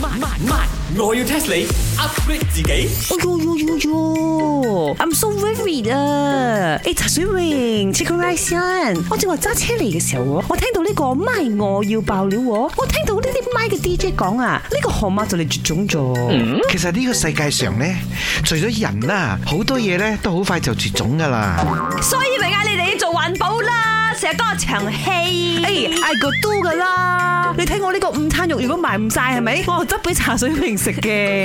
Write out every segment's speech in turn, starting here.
My, my, my, 我要 test 你 upgrade 自己。哎呦呦呦呦，I'm so worried 啊！哎查水明，check a rise on。 我正話揸車嚟嘅時候，我聽到呢、這個咪我要爆料。我聽到呢啲咪嘅 DJ 講啊，呢、這個河馬就嚟絕種咗。Mm hmm? 其實呢個世界上咧，除咗人啦，好多嘢咧都好快就絕種噶啦。所以咪嗌你哋要做環保啦。成日多場戲，I got do 噶啦。你睇我呢個午餐肉，如果賣唔晒係咪？我執俾茶水瓶食嘅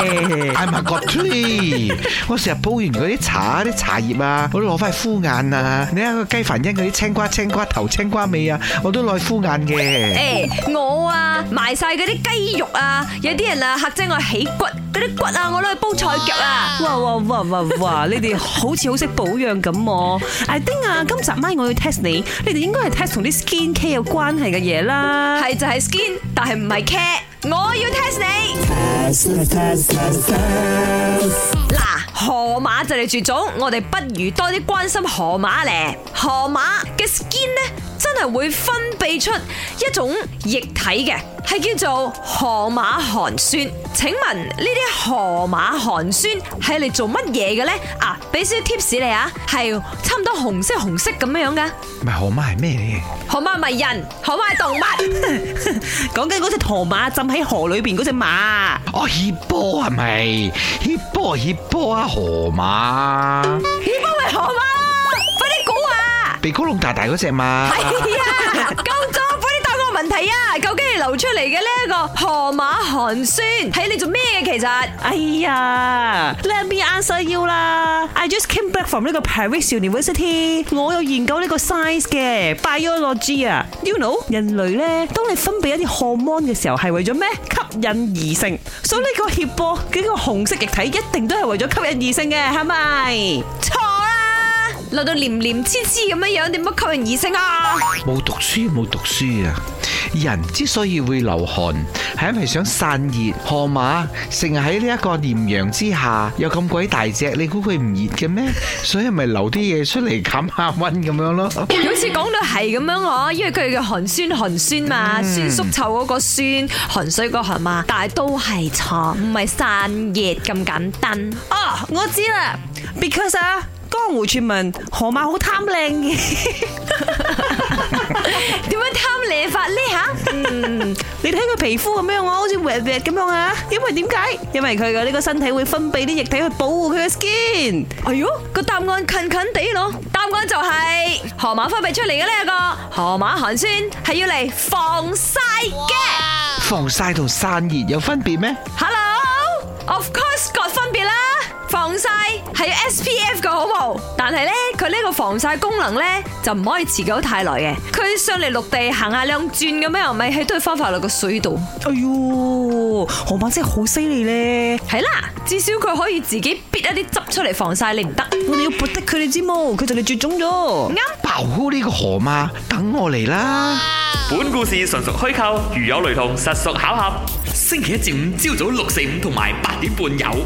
，I got tree。我成日煲完嗰啲茶，啲茶葉啊，我都攞翻去敷眼啊。你睇個雞凡因嗰啲青瓜、青瓜頭、青瓜味啊，我都攞去敷眼嘅。誒，hey, 我啊賣晒嗰啲雞肉啊，有啲人啊吓驚我起骨。啲骨啊，我都去煲菜腳啊！哇哇哇哇哇！你哋好似好識保養咁，阿丁啊，今集咪我要 test 你，你哋應該係 test 同啲 skin care 有關係嘅嘢啦。係就係 skin，但係唔係 care，我要 test 你。嗱，河馬就嚟絕種，我哋不如多啲關心河馬咧。河馬嘅 skin 呢係會分泌出一種液體嘅，係叫做河馬汗酸。請問呢啲河馬汗酸係嚟做乜嘢嘅咧？啊，俾少啲 tips 你啊，係差唔多紅色紅色咁樣樣嘅。唔係河馬係咩嚟嘅？河馬係咪人，河馬係動物。講緊嗰隻河馬浸喺河裏邊嗰隻馬。哦，熱波係咪？熱波熱波啊，河馬。鼻哥窿大大嗰隻嘛？係啊，江總，快啲答我問題啊！究竟係流出嚟嘅呢一個河馬汗酸，係你做咩其實？哎呀，Let me answer you 啦。I just came back from 呢個 Paris University。我有研究呢個 science 嘅 biology 啊。You know，人類咧，當你分泌一啲荷爾蒙嘅時候，係為咗咩？吸引異性。所以呢個 hippo，呢個紅色液體，一定都係為咗吸引異性嘅，係咪？流到黏黏黐黐咁樣樣，點解吸引異性啊？冇讀書，冇讀書啊！人之所以會流汗，係因為想散熱？河馬，成日喺呢一個炎陽之下，又咁鬼大隻，你估佢唔熱嘅咩？所以咪流啲嘢出嚟冚下溫咁樣咯。 好似講到係咁樣嗬，因為佢哋叫汗酸汗酸嘛，酸餿臭嗰個酸汗水的個汗嘛，但係都係錯，唔係散熱咁簡單。啊、哦，我知啦，because。江湖傳聞河馬好貪靚嘅，點樣貪靚法呢吓？嗯，你睇佢皮膚咁樣，我好似滑滑咁樣啊。因為點解？因為佢嘅呢個身體會分泌啲液體去保護佢嘅 skin。哎喲，個答案近近地咯。答案就係河馬分泌出嚟嘅呢一個河馬汗酸係要嚟防曬嘅，防曬同散熱有分別咩？Hello，of course，各分。係 S P F 嘅好冇？但係咧佢呢個防曬功能咧就唔可以持久太耐嘅。佢上嚟陸地行下兩轉咁樣，咪都係返返落個水度。哎喲，河馬真係好犀利咧！係啦，至少佢可以自己搣一啲汁出嚟防曬。你唔得，我哋要撥得佢哋知嘛，佢就嚟絕種咗，嗯。啱爆！呢個河馬，等我嚟啦！本故事純屬虛構，如有雷同，實屬巧合。星期一至五朝早六四五同埋八點半有，